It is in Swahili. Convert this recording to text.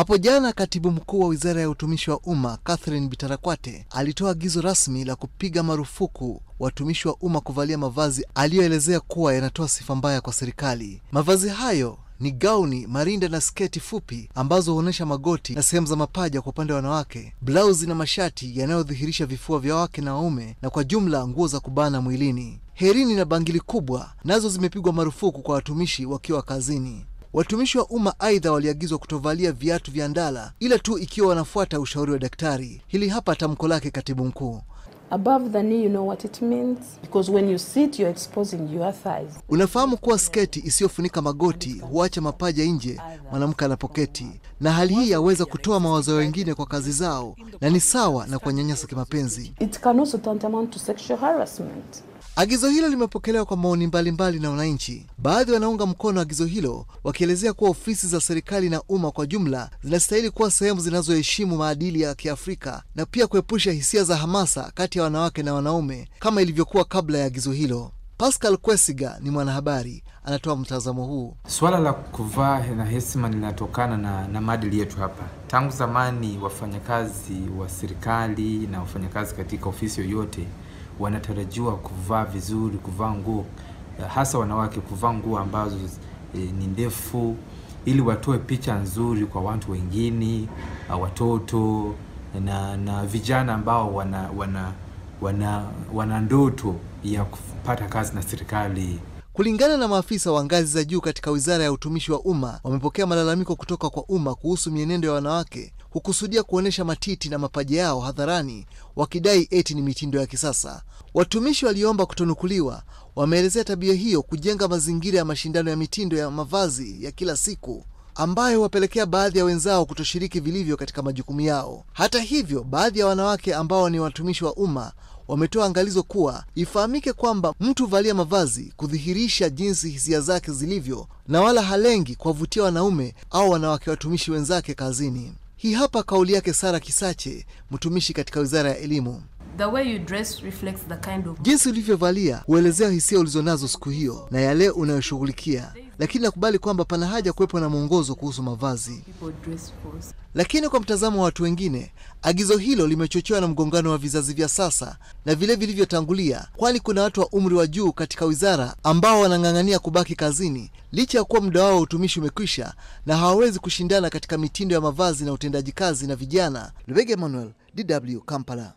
Hapo jana katibu mkuu wa wizara ya utumishi wa umma Catherine Bitarakwate alitoa agizo rasmi la kupiga marufuku watumishi wa umma kuvalia mavazi aliyoelezea kuwa yanatoa sifa mbaya kwa serikali. Mavazi hayo ni gauni, marinda na sketi fupi ambazo huonyesha magoti na sehemu za mapaja kwa upande wa wanawake, blauzi na mashati yanayodhihirisha vifua vya wake na waume, na kwa jumla nguo za kubana mwilini. Herini na bangili kubwa nazo zimepigwa marufuku kwa watumishi wakiwa kazini. Watumishi wa umma aidha waliagizwa kutovalia viatu vya ndala ila tu ikiwa wanafuata ushauri wa daktari. Hili hapa tamko lake katibu mkuu. Above the knee, you know what it means because when you sit you're exposing your thighs. Unafahamu kuwa sketi isiyofunika magoti huacha mapaja nje mwanamke anapoketi, na hali hii yaweza kutoa mawazo wengine kwa kazi zao, na ni sawa na nyanyasa kimapenzi. It can also tantamount to sexual harassment. Agizo hilo limepokelewa kwa maoni mbalimbali na wananchi. Baadhi wanaunga mkono agizo hilo wakielezea kuwa ofisi za serikali na umma kwa jumla zinastahili kuwa sehemu zinazoheshimu maadili ya Kiafrika na pia kuepusha hisia za hamasa kati ya wanawake na wanaume kama ilivyokuwa kabla ya agizo hilo. Pascal Kwesiga ni mwanahabari, anatoa mtazamo huu. Suala la kuvaa na heshima linatokana na, na maadili yetu hapa. Tangu zamani wafanyakazi wa serikali na wafanyakazi katika ofisi yoyote wanatarajiwa kuvaa vizuri, kuvaa nguo eh, hasa wanawake, kuvaa nguo ambazo e, ni ndefu ili watoe picha nzuri kwa watu wengine, ah, watoto na, na vijana ambao wana, wana, wana, wana ndoto ya kupata kazi na serikali. Kulingana na maafisa wa ngazi za juu katika Wizara ya Utumishi wa Umma, wamepokea malalamiko kutoka kwa umma kuhusu mienendo ya wanawake hukusudia kuonyesha matiti na mapaja yao hadharani, wakidai eti ni mitindo ya kisasa. Watumishi waliomba kutonukuliwa wameelezea tabia hiyo kujenga mazingira ya mashindano ya mitindo ya mavazi ya kila siku ambayo huwapelekea baadhi ya wenzao kutoshiriki vilivyo katika majukumu yao. Hata hivyo, baadhi ya wanawake ambao ni watumishi wa umma wametoa angalizo kuwa ifahamike kwamba mtu valia mavazi kudhihirisha jinsi hisia zake zilivyo na wala halengi kuwavutia wanaume au wanawake watumishi wenzake kazini. Hii hapa kauli yake Sara Kisache, mtumishi katika wizara ya elimu. The way you dress reflects the kind of... jinsi ulivyovalia huelezea hisia ulizonazo siku hiyo na yale unayoshughulikia lakini nakubali kwamba pana haja kuwepo na mwongozo kuhusu mavazi. Lakini kwa mtazamo wa watu wengine, agizo hilo limechochewa na mgongano wa vizazi vya sasa na vile vilivyotangulia, kwani kuna watu wa umri wa juu katika wizara ambao wanang'ang'ania kubaki kazini licha ya kuwa muda wao wa utumishi umekwisha na hawawezi kushindana katika mitindo ya mavazi na utendaji kazi na vijana. Lubege Emmanuel, DW, Kampala.